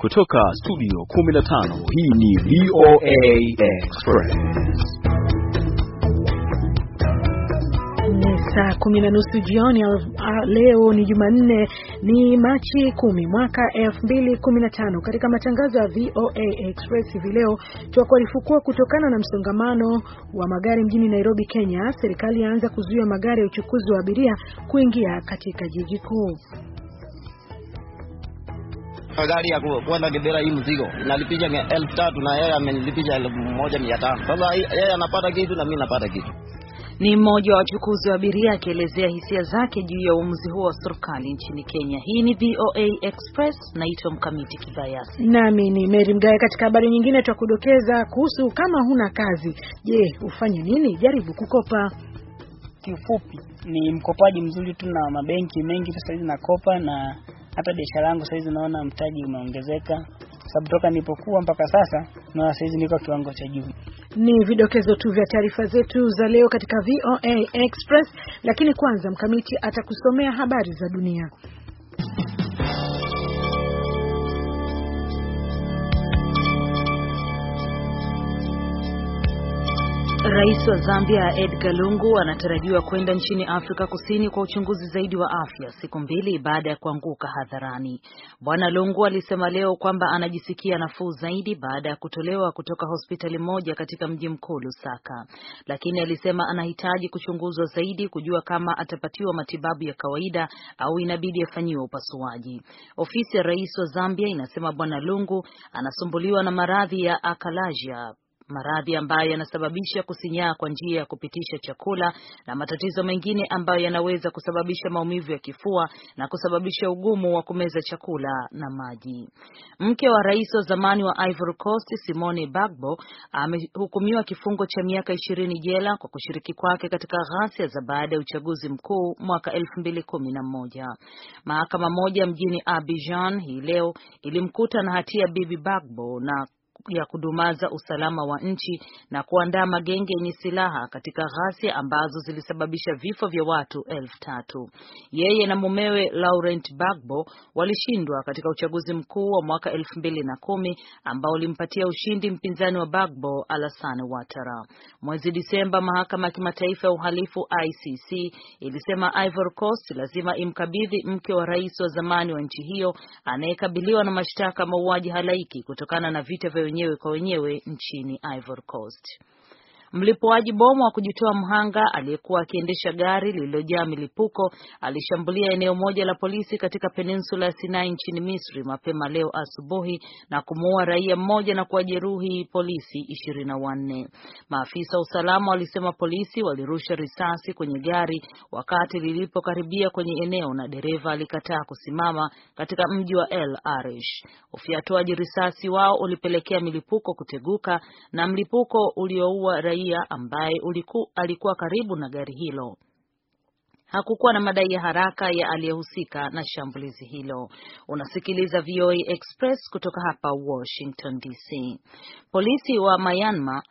Kutoka studio 15 hii ni VOA Express. Ni saa kumi na nusu jioni. Leo ni Jumanne, ni Machi kumi mwaka 2015. Katika matangazo ya VOA Express hivi leo tuwakuarifu kuwa kutokana na msongamano wa magari mjini Nairobi, Kenya, serikali yaanza kuzuia magari ya uchukuzi wa abiria kuingia katika jiji kuu gari ya kwenda Kibera hii mzigo nalipisha elfu tatu na yeye amenilipisha elfu moja mia tano Sasa yeye anapata kitu na mimi napata kitu. Ni mmoja wa wachukuzi wa abiria akielezea hisia zake juu ya uamuzi huo wa serikali nchini Kenya. Hii ni VOA Express, naitwa Mkamiti Kibayasi nami ni Mary Mgawe. Katika habari nyingine, twakudokeza kuhusu kama huna kazi, je, ufanye nini? Jaribu kukopa. Kiufupi ni mkopaji mzuri tu, na mabenki mengi sasa hivi nakopa na hata biashara yangu sahizi naona mtaji umeongezeka sababu toka nilipokuwa mpaka sasa na sahizi niko kiwango cha juu. Ni vidokezo tu vya taarifa zetu za leo katika VOA Express, lakini kwanza Mkamiti atakusomea habari za dunia. Rais wa Zambia Edgar Lungu anatarajiwa kwenda nchini Afrika Kusini kwa uchunguzi zaidi wa afya siku mbili baada ya kuanguka hadharani. Bwana Lungu alisema leo kwamba anajisikia nafuu zaidi baada ya kutolewa kutoka hospitali moja katika mji mkuu Lusaka, lakini alisema anahitaji kuchunguzwa zaidi kujua kama atapatiwa matibabu ya kawaida au inabidi afanyiwe upasuaji. Ofisi ya Rais wa Zambia inasema Bwana Lungu anasumbuliwa na maradhi ya akalasia maradhi ambayo yanasababisha kusinyaa kwa njia ya kupitisha chakula na matatizo mengine ambayo yanaweza kusababisha maumivu ya kifua na kusababisha ugumu wa kumeza chakula na maji. Mke wa rais wa zamani wa Ivory Coast Simone Bagbo amehukumiwa kifungo cha miaka ishirini jela kwa kushiriki kwake katika ghasia za baada ya uchaguzi mkuu mwaka elfu mbili kumi na moja. Mahakama moja mjini Abidjan hii leo ilimkuta na hatia Bibi Bagbo na ya kudumaza usalama wa nchi na kuandaa magenge yenye silaha katika ghasia ambazo zilisababisha vifo vya watu elfu tatu. Yeye na mumewe Laurent bagbo walishindwa katika uchaguzi mkuu wa mwaka elfu mbili na kumi ambao ulimpatia ushindi mpinzani wa bagbo Alassane Ouattara. Mwezi Disemba, mahakama ya kimataifa ya uhalifu ICC ilisema Ivory Coast lazima imkabidhi mke wa rais wa zamani wa nchi hiyo anayekabiliwa na mashtaka mauaji halaiki kutokana na vita vya wenyewe kwa wenyewe nchini Ivory Coast. Mlipuaji bomu wa kujitoa mhanga aliyekuwa akiendesha gari lililojaa milipuko alishambulia eneo moja la polisi katika peninsula ya Sinai nchini Misri mapema leo asubuhi na kumuua raia mmoja na kuwajeruhi polisi ishirini na wanne. Maafisa wa usalama walisema polisi walirusha risasi kwenye gari wakati lilipokaribia kwenye eneo na dereva alikataa kusimama katika mji wa El Arish. Ufiatuaji risasi wao ulipelekea milipuko kuteguka na mlipuko ulioua raia abiria ambaye uliku, alikuwa karibu na gari hilo. Hakukuwa na madai ya haraka ya aliyehusika na shambulizi hilo. Unasikiliza VOA Express kutoka hapa Washington DC. Polisi wa Myanmar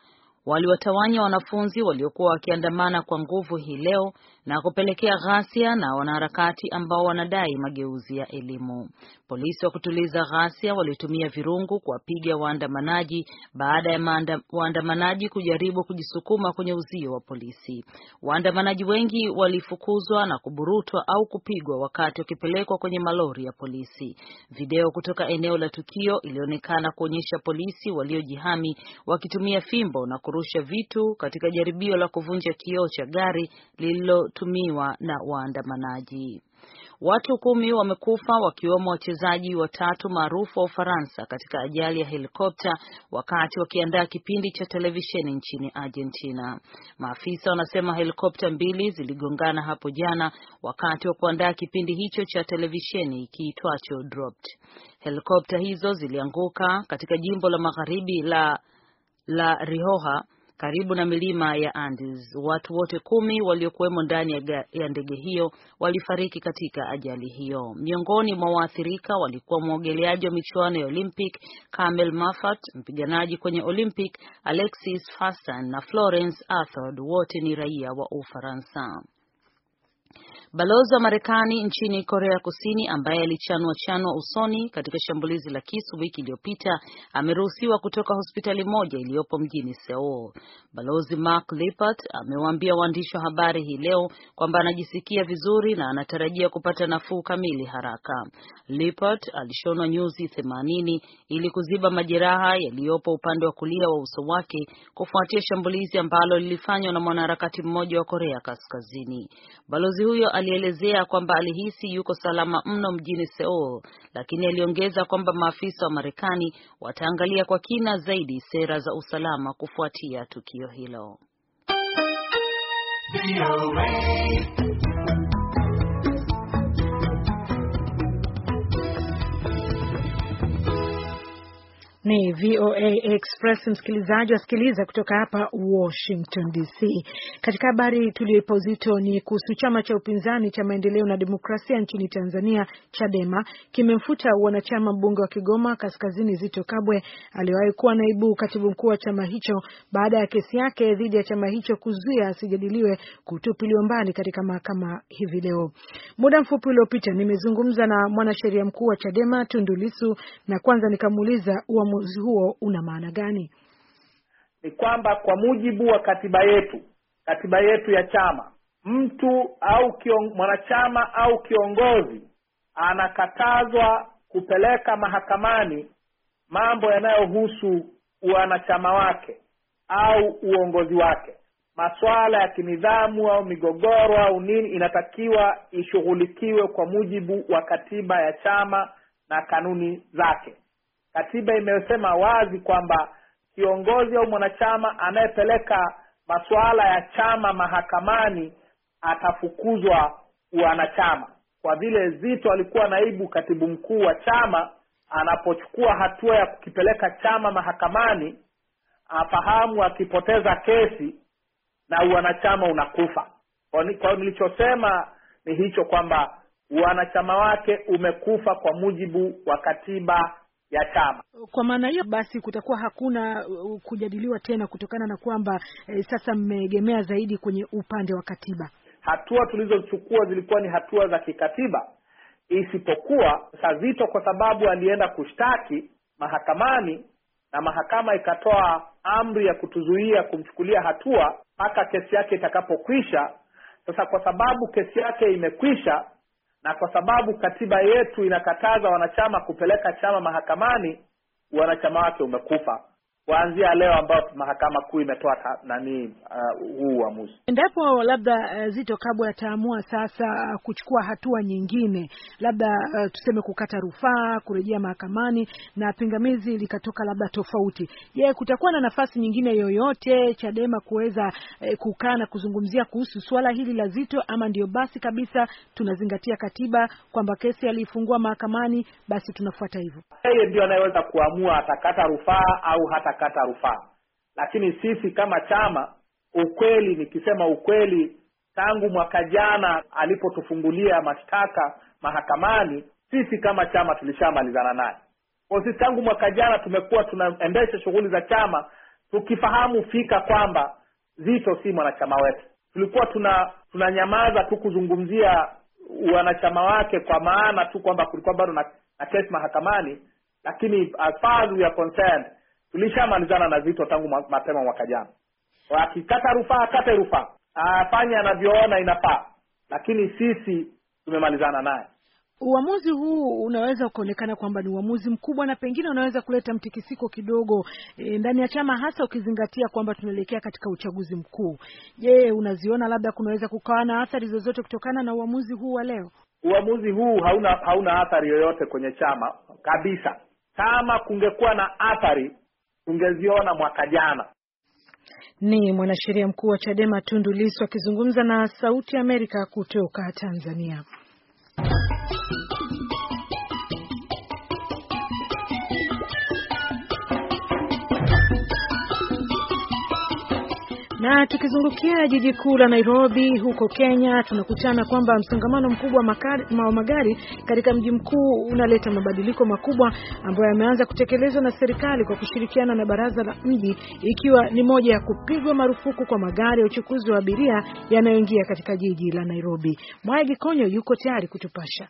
waliwatawanya wanafunzi waliokuwa wakiandamana kwa nguvu hii leo na kupelekea ghasia na wanaharakati ambao wanadai mageuzi ya elimu. Polisi wa kutuliza ghasia walitumia virungu kuwapiga waandamanaji baada ya waandamanaji kujaribu kujisukuma kwenye uzio wa polisi. Waandamanaji wengi walifukuzwa na kuburutwa au kupigwa wakati wakipelekwa kwenye malori ya polisi. Video kutoka eneo la tukio ilionekana kuonyesha polisi waliojihami wakitumia fimbo na kurusha vitu katika jaribio la kuvunja kioo cha gari lililo yanayotumiwa na waandamanaji. Watu kumi wamekufa wakiwemo wachezaji watatu maarufu wa Ufaransa katika ajali ya helikopta wakati wakiandaa kipindi cha televisheni nchini Argentina. Maafisa wanasema helikopta mbili ziligongana hapo jana wakati wa kuandaa kipindi hicho cha televisheni kiitwacho Dropped. Helikopta hizo zilianguka katika jimbo la magharibi la la Rioja karibu na milima ya Andes. Watu wote kumi waliokuwemo ndani ya ndege hiyo walifariki katika ajali hiyo. Miongoni mwa waathirika walikuwa mwogeleaji wa michuano ya Olympic Kamel Mafat, mpiganaji kwenye Olympic Alexis Fasan na Florence Arthod, wote ni raia wa Ufaransa. Balozi wa Marekani nchini Korea Kusini ambaye alichanwa chanwa usoni katika shambulizi la kisu wiki iliyopita ameruhusiwa kutoka hospitali moja iliyopo mjini Seoul. Balozi Mark Lippert amewaambia waandishi wa habari hii leo kwamba anajisikia vizuri na anatarajia kupata nafuu kamili haraka. Lippert alishonwa nyuzi 80 ili kuziba majeraha yaliyopo upande wa kulia wa uso wake kufuatia shambulizi ambalo lilifanywa na mwanaharakati mmoja wa Korea Kaskazini. Balozi Kiongozi huyo alielezea kwamba alihisi yuko salama mno mjini Seoul, lakini aliongeza kwamba maafisa wa Marekani wataangalia kwa kina zaidi sera za usalama kufuatia tukio hilo. Ni VOA Express, msikilizaji wasikiliza kutoka hapa Washington DC. Katika habari tuliyoipa uzito ni kuhusu chama cha upinzani cha maendeleo na demokrasia nchini Tanzania, Chadema, kimemfuta wanachama mbunge wa Kigoma Kaskazini Zito Kabwe aliyewahi kuwa naibu katibu mkuu wa chama hicho baada ya kesi yake dhidi ya chama hicho kuzuia asijadiliwe kutupiliwa mbali katika mahakama hivi leo. Muda mfupi uliopita nimezungumza na mwanasheria mkuu wa Chadema Tundu Lissu na kwanza nikamuuliza uamuzi huo una maana gani? Ni kwamba kwa mujibu wa katiba yetu, katiba yetu ya chama, mtu au kion, mwanachama au kiongozi anakatazwa kupeleka mahakamani mambo yanayohusu wanachama wake au uongozi wake, masuala ya kinidhamu au migogoro au nini, inatakiwa ishughulikiwe kwa mujibu wa katiba ya chama na kanuni zake. Katiba imesema wazi kwamba kiongozi au mwanachama anayepeleka masuala ya chama mahakamani atafukuzwa uanachama. Kwa vile Zito alikuwa naibu katibu mkuu wa chama, anapochukua hatua ya kukipeleka chama mahakamani, afahamu akipoteza kesi na uanachama unakufa. Kwa nilichosema ni hicho kwamba wanachama wake umekufa kwa mujibu wa katiba ya chama. Kwa maana hiyo basi kutakuwa hakuna uh, kujadiliwa tena kutokana na kwamba e, sasa mmeegemea zaidi kwenye upande wa katiba. Hatua tulizochukua zilikuwa ni hatua za kikatiba, isipokuwa Sazito kwa sababu alienda kushtaki mahakamani na mahakama ikatoa amri ya kutuzuia kumchukulia hatua mpaka kesi yake itakapokwisha. Sasa kwa sababu kesi yake imekwisha, na kwa sababu katiba yetu inakataza wanachama kupeleka chama mahakamani, wanachama wake umekufa kuanzia leo ambapo mahakama kuu imetoa nani uh, huu uamuzi. Endapo labda uh, Zito Kabwe ataamua sasa kuchukua hatua nyingine, labda uh, tuseme kukata rufaa, kurejea mahakamani na pingamizi likatoka labda tofauti, je, kutakuwa na nafasi nyingine yoyote Chadema kuweza uh, kukaa na kuzungumzia kuhusu swala hili la Zito, ama ndio basi kabisa tunazingatia katiba kwamba kesi alifungua mahakamani, basi tunafuata hivyo? Yeye ndio anayeweza kuamua atakata rufaa au hata kata rufaa. Lakini sisi kama chama, ukweli, nikisema ukweli, tangu mwaka jana alipotufungulia mashtaka mahakamani, sisi kama chama tulishamalizana naye. Kwa sisi tangu mwaka jana tumekuwa tunaendesha shughuli za chama tukifahamu fika kwamba Zito si mwanachama wetu. Tulikuwa tuna tunanyamaza tu kuzungumzia wanachama wake kwa maana tu kwamba kulikuwa bado na, na kesi mahakamani, lakini as far as we are concerned tulishamalizana na Zito tangu mapema mwaka jana. Akikata rufaa akate rufaa, afanye anavyoona inafaa, lakini sisi tumemalizana naye. Uamuzi huu unaweza ukaonekana kwamba ni uamuzi mkubwa na pengine unaweza kuleta mtikisiko kidogo e, ndani ya chama, hasa ukizingatia kwamba tunaelekea katika uchaguzi mkuu. Je, unaziona labda kunaweza kukawa na athari zozote kutokana na uamuzi huu wa leo? Uamuzi huu hauna hauna athari yoyote kwenye chama kabisa. Kama kungekuwa na athari tungeziona mwaka jana. Ni mwanasheria mkuu wa Chadema Tundu Lissu akizungumza na Sauti Amerika kutoka Tanzania. Na tukizungukia jiji kuu la Nairobi huko Kenya, tunakutana kwamba msongamano mkubwa wa magari katika mji mkuu unaleta mabadiliko makubwa ambayo yameanza kutekelezwa na serikali kwa kushirikiana na baraza la mji, ikiwa ni moja ya kupigwa marufuku kwa magari ya uchukuzi wa abiria yanayoingia katika jiji la Nairobi. Mwaigi Konyo yuko tayari kutupasha.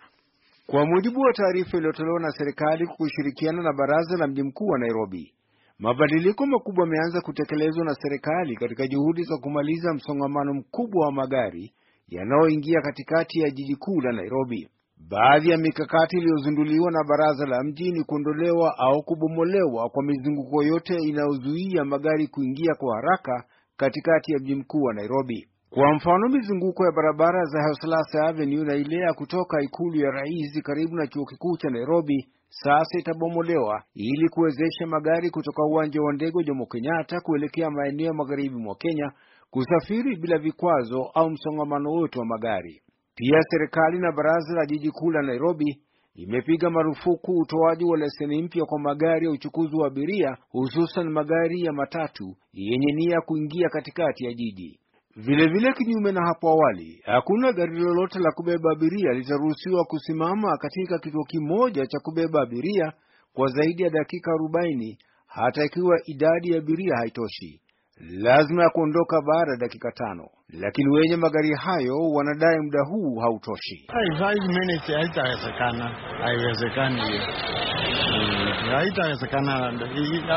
Kwa mujibu wa taarifa iliyotolewa na serikali kwa kushirikiana na baraza la mji mkuu wa Nairobi, Mabadiliko makubwa yameanza kutekelezwa na serikali katika juhudi za kumaliza msongamano mkubwa wa magari yanayoingia katikati ya jiji kuu la Nairobi. Baadhi ya mikakati iliyozinduliwa na baraza la mji ni kuondolewa au kubomolewa kwa mizunguko yote inayozuia magari kuingia kwa haraka katikati ya mji mkuu wa Nairobi. Kwa mfano, mizunguko ya barabara za Hustler Avenue na ile ya kutoka ikulu ya rais karibu na chuo kikuu cha Nairobi sasa itabomolewa ili kuwezesha magari kutoka uwanja wa ndege wa Jomo Kenyatta kuelekea maeneo ya magharibi mwa Kenya kusafiri bila vikwazo au msongamano wote wa magari. Pia serikali na baraza la jiji kuu la Nairobi imepiga marufuku utoaji wa leseni mpya kwa magari ya uchukuzi wa abiria, hususan magari ya matatu yenye nia kuingia katikati ya jiji. Vilevile, kinyume na hapo awali, hakuna gari lolote la kubeba abiria litaruhusiwa kusimama katika kituo kimoja cha kubeba abiria kwa zaidi ya dakika 40 hata ikiwa idadi ya abiria haitoshi, lazima ya kuondoka baada ya dakika tano. Lakini wenye magari hayo wanadai muda huu hautoshi. Haiwezekana, haiwezekani hiyo haitawezekana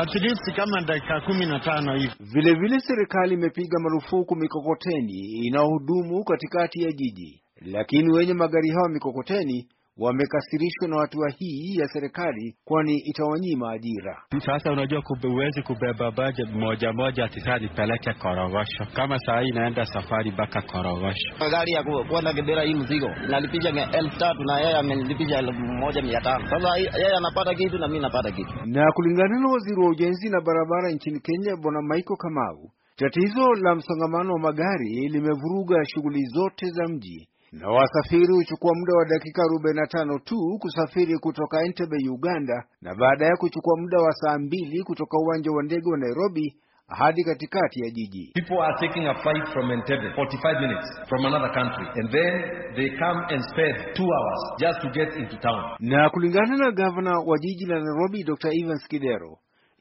at least kama dakika kumi na tano hivi. Vilevile serikali imepiga marufuku mikokoteni inayohudumu katikati ya jiji, lakini wenye magari hayo mikokoteni wamekasirishwa na hatua hii ya serikali, kwani itawanyima ajira. Sasa unajua kube, huwezi kubeba baje moja moja atisaa nipeleke Korogosho, kama saa hii inaenda safari mpaka Korogosho. Gari ya kwenda Kibera hii mzigo nalipisha elfu tatu na yeye amelipisha elfu moja mia tano. Sasa yeye anapata kitu na mi napata kitu. Na kulingana na waziri wa ujenzi na barabara nchini Kenya Bwana Michael Kamau, tatizo la msongamano wa magari limevuruga shughuli zote za mji na wasafiri huchukua muda wa dakika 45 tu kusafiri kutoka Entebbe, Uganda, na baadaye kuchukua muda wa saa mbili kutoka uwanja wa ndege wa Nairobi hadi katikati ya jiji. People are taking a flight from Entebbe 45 minutes from another country and then they come and spend 2 hours just to get into town. Na kulingana na gavana wa jiji la Nairobi Dr. Evans Kidero,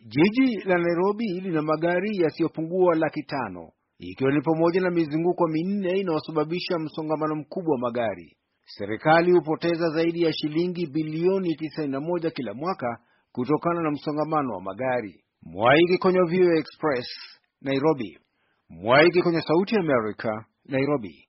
jiji la Nairobi lina magari yasiyopungua laki tano ikiwa ni pamoja na mizunguko minne inayosababisha msongamano mkubwa wa magari. Serikali hupoteza zaidi ya shilingi bilioni 91 kila mwaka kutokana na msongamano wa magari. Mwaiki kwenye VOA Express Nairobi. Mwaiki kwenye Sauti ya Amerika Nairobi.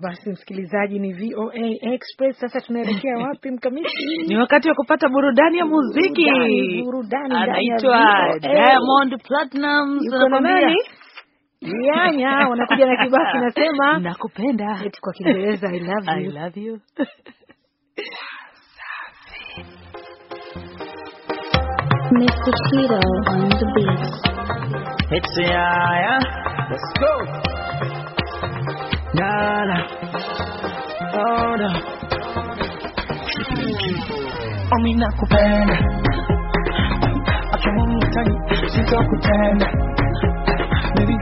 basi, msikilizaji, ni VOA Express. Sasa tunaelekea wapi, mkamishi? Ni wakati wa kupata burudani ya muziki. Burudani anaitwa Diamond Platinum, anakwambia nyanya, wanakuja na kibao kinasema nakupenda, eti kwa Kiingereza I love you, I love you Mr. Tito on the beat. It's yaya. Let's go. Nada. Oh no. Omi oh, nakupenda Acha mungu tani Sitokutenda Baby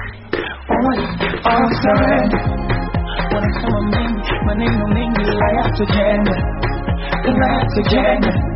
Only oh, All oh, surrender Wanasema mengi Maneno mengi Hayatujenda Inayatujenda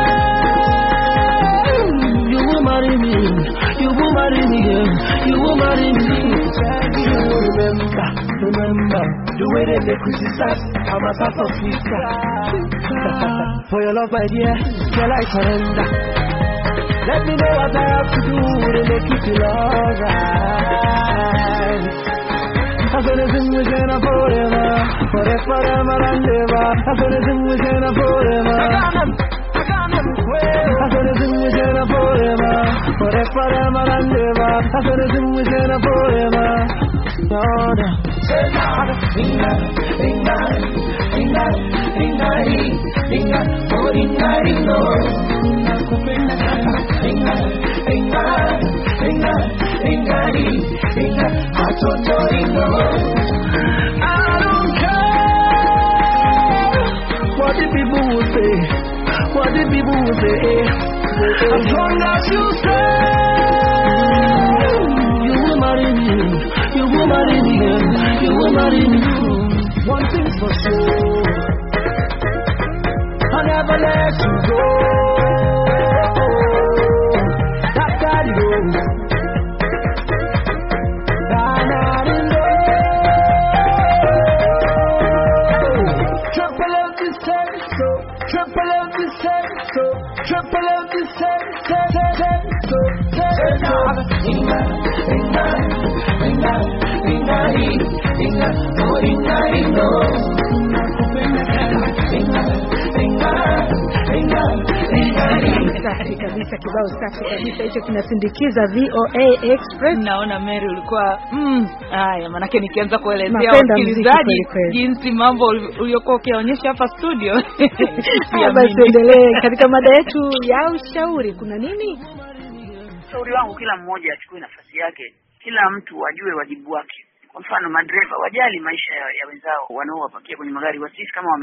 marry me. You will marry me. You will marry me. You remember, remember the way that they criticize. I'm a South Africa. For your love, my dear, shall I surrender? Let me know what I have to do to make you feel alright. I've am been a single forever, forever, forever and ever. I've been a single forever. I got I got them, well. Louisiana forever. but forever and ever. I said it's in Louisiana forever. Lord. Inga, inga, inga, inga, inga, oh inga, inga, inga, inga, inga, inga, inga, atoto inga. I don't care what the people will say, what the people will say. As long as you stay, you will marry me, you will marry me, you will marry me. One thing's for sure, I'll never let you go. Safi kabisa, kibao safi kabisa hicho, kinasindikiza VOA Express. Naona Mary ulikuwa mm, manake nikianza kuelezea wasikilizaji jinsi mambo uliokuwa ukionyesha hapa studio. Basi endelee katika mada yetu ya ushauri, kuna nini? ushauri wangu kila mmoja achukue nafasi yake, kila mtu ajue wajibu wake. Kwa mfano, madereva wajali maisha ya, ya wenzao wanaowapakia kwenye magari, wasisi kama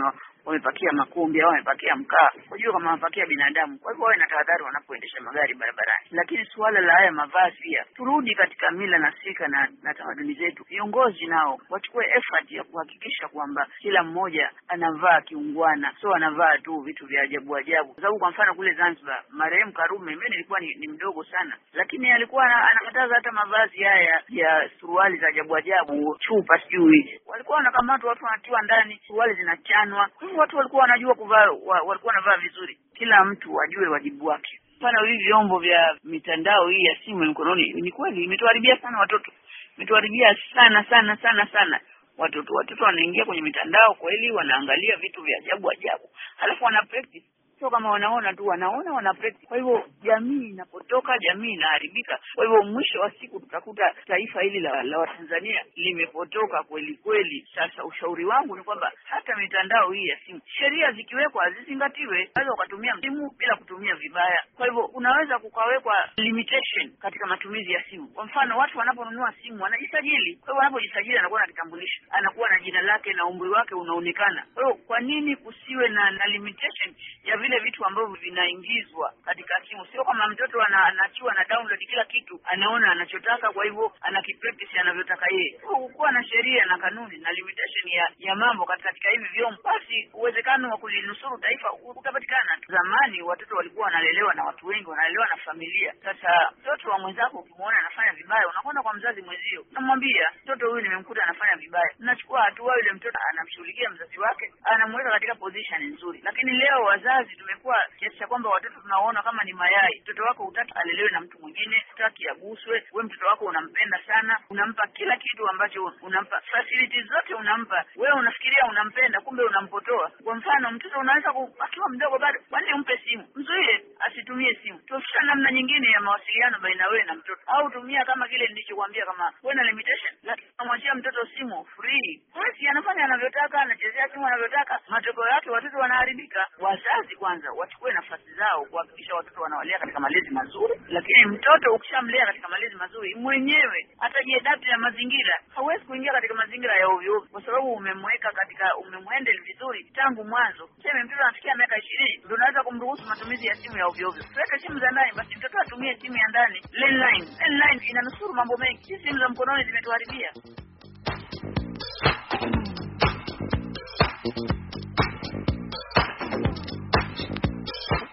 wamepakia makumbi au wamepakia mkaa, hujua kama wamepakia binadamu. Kwa hivyo wawe na tahadhari wanapoendesha magari barabarani. Lakini suala la haya mavazi pia, turudi katika mila na sika na, na tamaduni zetu. Viongozi nao wachukue effort ya kuhakikisha kwamba kila mmoja anavaa kiungwana, so anavaa tu vitu vya ajabu ajabu. Kwa sababu kwa mfano kule Zanzibar, marehemu Karume, mimi nilikuwa ni, ni mdogo sana, lakini alikuwa anakataza hata mavazi haya ya suruali za ajabu ajabu, chupa sijui, walikuwa wanakamatwa watu wanatiwa ndani, suruali zinachanwa watu walikuwa wanajua kuvaa, walikuwa wanavaa vizuri. Kila mtu ajue wajibu wake. Mfano hivi vyombo vya mitandao hii ya simu ya mkononi, ni kweli imetuharibia sana watoto, imetuharibia sana sana sana sana watoto. Watoto wanaingia kwenye mitandao kweli, wanaangalia vitu vya ajabu ajabu, halafu wana practice sio kama wanaona tu, wanaona wana practice. Kwa hivyo jamii inapotoka, jamii inaharibika. Kwa hivyo mwisho wa siku tutakuta taifa hili la Watanzania limepotoka kweli kweli. Sasa ushauri wangu ni kwamba hata mitandao hii ya simu, sheria zikiwekwa zizingatiwe. Unaweza ukatumia simu bila kutumia vibaya. Kwa hivyo unaweza kukawekwa limitation katika matumizi ya simu. Kwa mfano, watu wanaponunua simu wanajisajili. Kwa hivyo wanapojisajili, anakuwa na kitambulisho, anakuwa na jina lake na umri wake unaonekana. Kwa hivyo kwa nini kusiwe na, na limitation ya vile vitu ambavyo vinaingizwa katika simu. Sio kama mtoto anachiwa na download kila kitu anaona anachotaka, kwa hivyo anakipractice anavyotaka yeye. Kukuwa na sheria na kanuni na limitation ya, ya mambo katika hivi vyombo, basi uwezekano wa kulinusuru taifa utapatikana. Zamani watoto walikuwa wanalelewa na watu wengi, wanalelewa na familia. Sasa mtoto wa mwenzako ukimwona anafanya vibaya, unakwenda kwa mzazi mwenzio, unamwambia mtoto huyu nimemkuta anafanya vibaya. Nachukua hatua, yule mtoto anamshughulikia mzazi wake, anamweka katika position nzuri. Lakini leo wazazi tumekuwa kiasi cha kwamba watoto tunaona kama ni mayai. Mtoto wako hutaki alelewe na mtu mwingine, hutaki aguswe. We mtoto wako unampenda sana, unampa kila kitu ambacho unampa, facilities zote unampa. Wewe unafikiria unampenda, kumbe unampotoa. Kwa mfano, mtoto unaweza akiwa mdogo bado, kwani umpe simu? Mzuie asitumie simu, tafuta namna nyingine ya mawasiliano baina wewe na mtoto, au tumia kama kile nilichokuambia, kama wewe na limitation, lakini unamwachia mtoto simu free, basi anafanya anavyotaka, anachezea simu anavyotaka. Matokeo yake watoto wanaharibika, wazazi kwa kwanza wachukue nafasi zao kuhakikisha watoto wanawalea katika malezi mazuri, lakini mtoto ukishamlea katika malezi mazuri mwenyewe atajiadapti ya mazingira. Hawezi kuingia katika mazingira ya ovyo ovyo, kwa sababu umemweka katika, umemwendel vizuri tangu mwanzo. Seme mtoto anafikia miaka ishirini ndio unaweza kumruhusu matumizi ya simu ya ovyo ovyo. Tuweke simu za ndani basi, mtoto atumie simu ya ndani, landline. Landline inanusuru mambo mengi, si simu za mkononi zimetuharibia.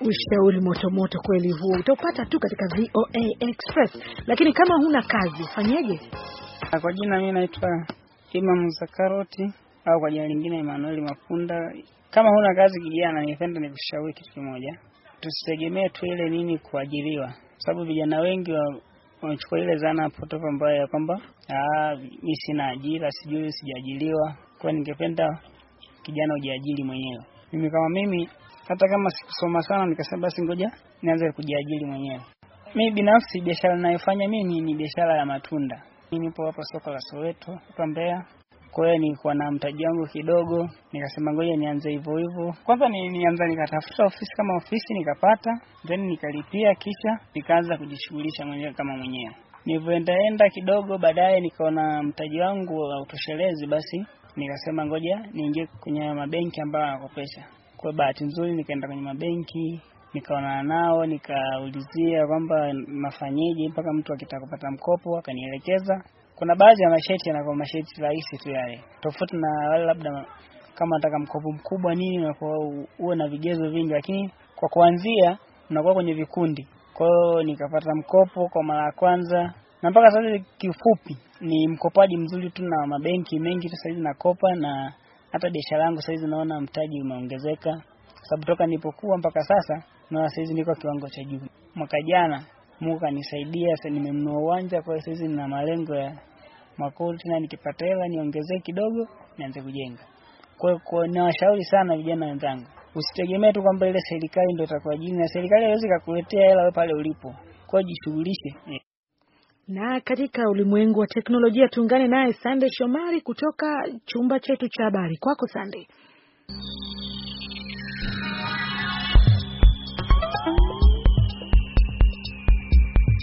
ushauri motomoto kweli huo, utapata tu katika VOA Express. Lakini kama huna kazi ufanyeje? Ah, kwa jina mimi naitwa Imam Muzakaroti au kwa jina lingine Emmanuel Mafunda. Kama huna kazi kijana, ningependa nikushauri kitu kimoja, tusitegemee tu ile nini kuajiriwa, sababu vijana wengi wa wanachukua ile zana potofu ambayo ya kwamba ah, mimi sina ajira, sijui sijaajiriwa. Kwa ningependa kijana ujiajiri mwenyewe. Mimi kama mimi hata kama sikusoma sana, nikasema basi ngoja nianze kujiajiri mwenyewe. Mimi binafsi biashara ninayofanya mimi ni biashara ya matunda. Mimi nipo hapa soko la Soweto hapa Mbeya. Kwa hiyo nilikuwa na mtaji wangu kidogo, nikasema ngoja nianze hivyo hivyo. Kwanza ni, nianza nikatafuta ofisi kama ofisi nikapata, then nikalipia, kisha nikaanza kujishughulisha mwenyewe kama mwenyewe. Nilivyoendaenda kidogo, baadaye nikaona mtaji wangu wa utoshelezi, basi nikasema ngoja niingie kwenye mabenki ambayo yanakopesha. Kwa bahati nzuri, nikaenda kwenye mabenki nikaonana nao, nikaulizia kwamba nafanyeje mpaka mtu akitaka kupata mkopo, akanielekeza kuna baadhi ya masheti yanakuwa masheti rahisi tu yale, tofauti na wale labda kama nataka mkopo mkubwa nini, unakuwa uwe na vigezo vingi, lakini kwa kuanzia unakuwa kwenye vikundi. Kwa hiyo nikapata mkopo kwa mara ya kwanza, na mpaka sasa kifupi ni mkopaji mzuri tu, na mabenki mengi sasa hivi nakopa na hata biashara yangu sasa hizi naona mtaji umeongezeka, sababu toka nilipokuwa mpaka sasa naona sasa hizi niko kiwango cha juu. Mwaka jana Mungu kanisaidia, sasa nimenunua uwanja, kwa sasa hizi nina malengo ya mwaka tena nikipata hela niongezee kidogo, nianze kujenga. Kwa hiyo nawashauri sana vijana wenzangu, usitegemee tu kwamba ile serikali ndio itakuajiri, na serikali haiwezi kukuletea hela wewe pale ulipo. Kwa jishughulishe. Na katika ulimwengu wa teknolojia tuungane naye Sande Shomari kutoka chumba chetu cha habari. Kwako Sande.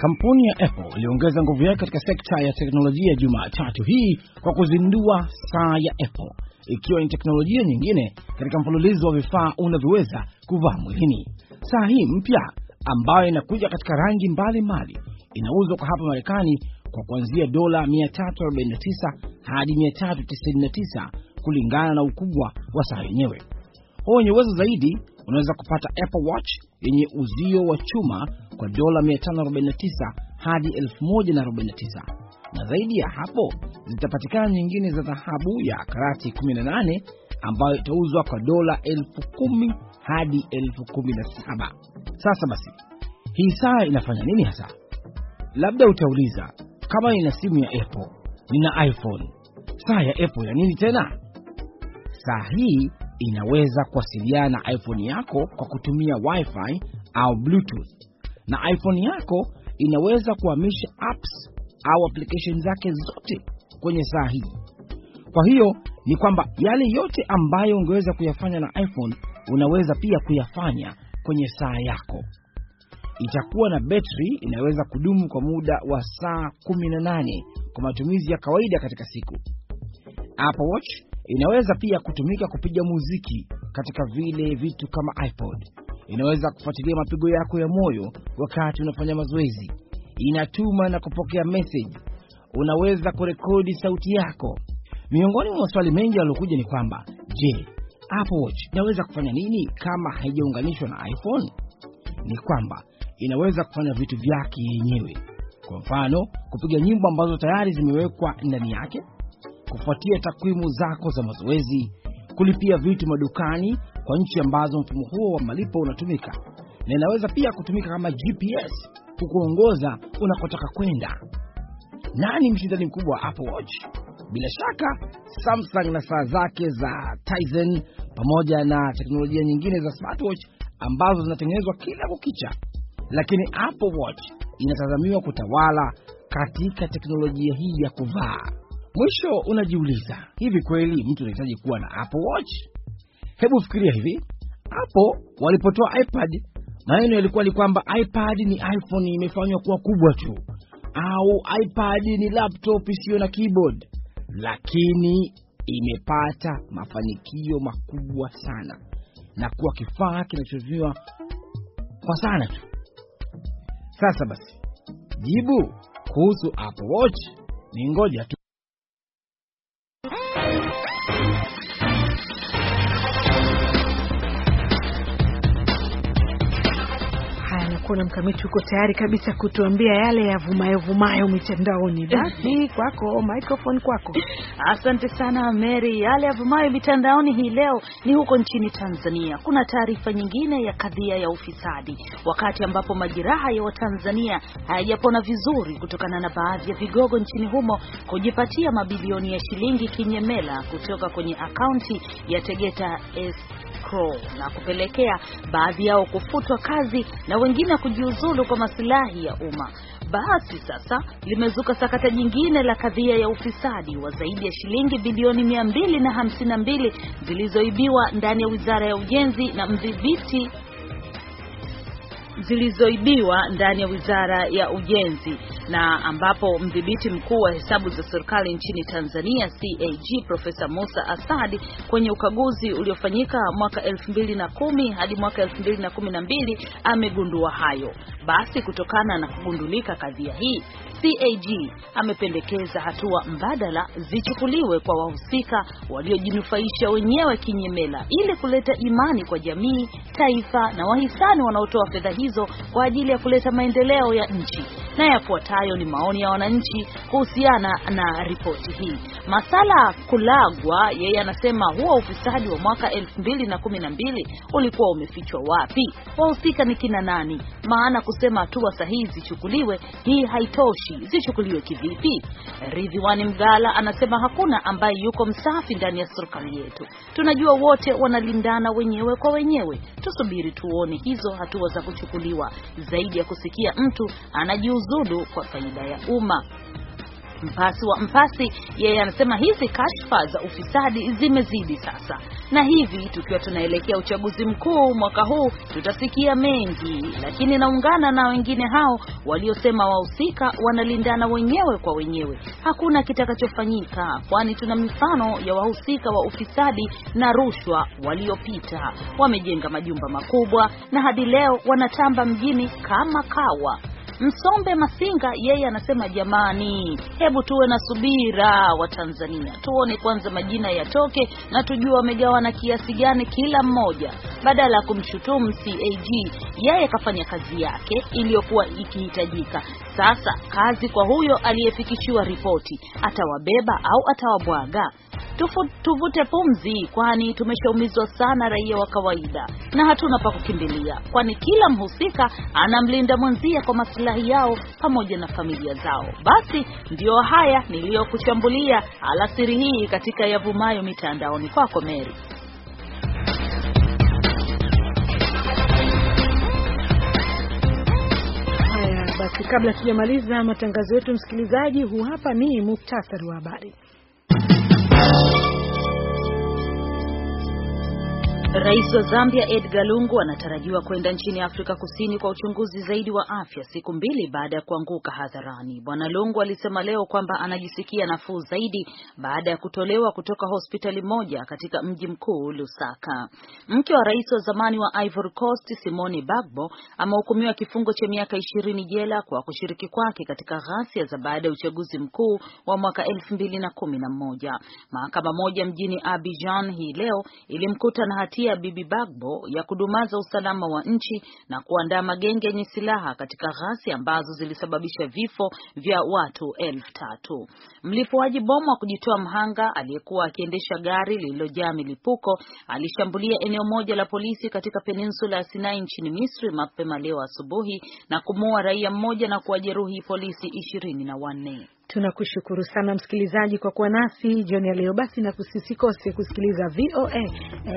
Kampuni ya Apple iliongeza nguvu yake katika sekta ya teknolojia Jumatatu hii kwa kuzindua saa ya Apple ikiwa ni teknolojia nyingine katika mfululizo wa vifaa unavyoweza kuvaa mwilini. Saa hii mpya ambayo inakuja katika rangi mbalimbali inauzwa kwa hapa Marekani kwa kuanzia dola 349 hadi 399 kulingana na ukubwa wa saa yenyewe. huu wenye uwezo zaidi unaweza kupata Apple Watch yenye uzio wa chuma kwa dola 549 hadi 1049, na zaidi ya hapo zitapatikana nyingine za dhahabu ya karati 18 ambayo itauzwa kwa dola 10,000 hadi 17,000. Sasa basi, hii saa inafanya nini hasa? Labda utauliza kama nina simu ya Apple, nina iPhone, saa ya Apple ya nini tena? Saa hii inaweza kuwasiliana na iPhone yako kwa kutumia Wi-Fi au Bluetooth, na iPhone yako inaweza kuhamisha apps au application zake zote kwenye saa hii. Kwa hiyo ni kwamba yale yote ambayo ungeweza kuyafanya na iPhone unaweza pia kuyafanya kwenye saa yako itakuwa na betri inayoweza kudumu kwa muda wa saa 18 kwa matumizi ya kawaida katika siku. Apple Watch inaweza pia kutumika kupiga muziki katika vile vitu kama iPod. Inaweza kufuatilia mapigo yako ya moyo wakati unafanya mazoezi. Inatuma na kupokea message. Unaweza kurekodi sauti yako. Miongoni mwa maswali mengi yaliokuja ni kwamba je, Apple Watch inaweza kufanya nini kama haijaunganishwa na iPhone? Ni kwamba inaweza kufanya vitu vyake yenyewe, kwa mfano kupiga nyimbo ambazo tayari zimewekwa ndani yake, kufuatia takwimu zako za mazoezi, kulipia vitu madukani kwa nchi ambazo mfumo huo wa malipo unatumika, na inaweza pia kutumika kama GPS kukuongoza unakotaka kwenda. Nani mshindani mkubwa wa Apple Watch? Bila shaka Samsung na saa zake za Tizen pamoja na teknolojia nyingine za smartwatch ambazo zinatengenezwa kila kukicha lakini Apple Watch inatazamiwa kutawala katika teknolojia hii ya kuvaa. Mwisho unajiuliza, hivi kweli mtu anahitaji kuwa na Apple Watch? Hebu fikiria hivi, Apple walipotoa iPad, maneno yalikuwa ni kwamba iPad ni iPhone imefanywa kuwa kubwa tu, au iPad ni laptop isiyo na keyboard, lakini imepata mafanikio makubwa sana na kuwa kifaa kinachotumiwa kwa sana tu sasa basi jibu kuhusu Apple Watch ni ngoja tu. na mkamiti uko tayari kabisa kutuambia yale ya vumayo mitandaoni. Basi eh, kwako, microphone kwako. Asante sana Mary. Yale yavumayo mitandaoni hii leo ni huko nchini Tanzania. Kuna taarifa nyingine ya kadhia ya ufisadi, wakati ambapo majeraha ya Watanzania hayajapona vizuri kutokana na baadhi ya vigogo nchini humo kujipatia mabilioni ya shilingi kinyemela kutoka kwenye akaunti ya Tegeta S na kupelekea baadhi yao kufutwa kazi na wengine kujiuzulu kwa masilahi ya umma. Basi sasa limezuka sakata jingine la kadhia ya ufisadi wa zaidi ya shilingi bilioni 252 zilizoibiwa ndani ya Wizara ya Ujenzi na Mdhibiti zilizoibiwa ndani ya Wizara ya Ujenzi na ambapo mdhibiti mkuu wa hesabu za serikali nchini Tanzania CAG Profesa Musa Asadi kwenye ukaguzi uliofanyika mwaka 2010 hadi mwaka 2012 amegundua hayo. Basi kutokana na kugundulika kadhia hii CAG amependekeza hatua mbadala zichukuliwe kwa wahusika waliojinufaisha wenyewe kinyemela, ili kuleta imani kwa jamii, taifa na wahisani wanaotoa fedha hizo kwa ajili ya kuleta maendeleo ya nchi. Na yafuatayo ni maoni ya wananchi kuhusiana na ripoti hii. Masala Kulagwa yeye anasema huo ufisadi wa mwaka 2012 ulikuwa umefichwa wapi? Wahusika ni kina nani? Maana kusema hatua sahihi zichukuliwe, hii haitoshi hizi zichukuliwe kivipi? Ridhiwani Mgala anasema hakuna ambaye yuko msafi ndani ya serikali yetu, tunajua wote wanalindana wenyewe kwa wenyewe. Tusubiri tuone hizo hatua za kuchukuliwa, zaidi ya kusikia mtu anajiuzulu kwa faida ya umma. Mpasi wa Mpasi yeye anasema hizi kashfa za ufisadi zimezidi sasa, na hivi tukiwa tunaelekea uchaguzi mkuu mwaka huu tutasikia mengi, lakini naungana na wengine hao waliosema wahusika wanalindana wenyewe kwa wenyewe, hakuna kitakachofanyika, kwani tuna mifano ya wahusika wa ufisadi na rushwa waliopita, wamejenga majumba makubwa na hadi leo wanatamba mjini kama kawa. Msombe Masinga yeye anasema jamani, hebu tuwe na subira wa Tanzania, tuone kwanza majina yatoke na tujue wamegawana kiasi gani kila mmoja, badala ya kumshutumu CAG. Yeye kafanya kazi yake iliyokuwa ikihitajika. Sasa kazi kwa huyo aliyefikishiwa ripoti, atawabeba au atawabwaga? Tufu, tuvute pumzi, kwani tumeshaumizwa sana raia wa kawaida na hatuna pa kukimbilia, kwani kila mhusika anamlinda mwenzia kwa masilahi yao pamoja na familia zao. Basi ndiyo haya niliyokuchambulia alasiri hii katika yavumayo mitandaoni. Kwako Mary. Basi kabla sijamaliza matangazo yetu, msikilizaji, huu hapa ni muktasari wa habari. Thank you. Rais wa Zambia Edgar Lungu anatarajiwa kwenda nchini Afrika Kusini kwa uchunguzi zaidi wa afya siku mbili baada ya kuanguka hadharani. Bwana Lungu alisema leo kwamba anajisikia nafuu zaidi baada ya kutolewa kutoka hospitali moja katika mji mkuu Lusaka. Mke wa rais wa zamani wa Ivory Coast Simone Bagbo amehukumiwa kifungo cha miaka ishirini jela kwa kushiriki kwake katika ghasia za baada ya uchaguzi mkuu wa mwaka elfu mbili na kumi na moja. Mahakama moja mjini Abidjan hii leo ilimkuta na hatia ya Bibi Bagbo ya kudumaza usalama wa nchi na kuandaa magenge yenye silaha katika ghasia ambazo zilisababisha vifo vya watu elfu tatu. Mlipuaji bomu wa kujitoa mhanga aliyekuwa akiendesha gari lililojaa milipuko alishambulia eneo moja la polisi katika peninsula ya Sinai nchini Misri mapema leo asubuhi na kumuua raia mmoja na kuwajeruhi polisi ishirini na wanne. Tunakushukuru sana msikilizaji kwa kuwa nasi jioni ya leo. Basi na kusisikose kusikiliza VOA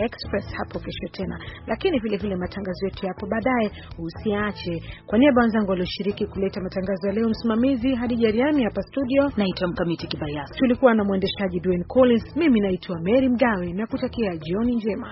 Express hapo kesho tena, lakini vilevile matangazo yetu yapo baadaye, usiache. Kwa niaba wenzangu walioshiriki kuleta matangazo ya leo, msimamizi Hadija Riami, hapa studio naitwa Mkamiti Kibayasi, tulikuwa na mwendeshaji Dwayne Collins, mimi naitwa Mary Mgawe na kutakia jioni njema.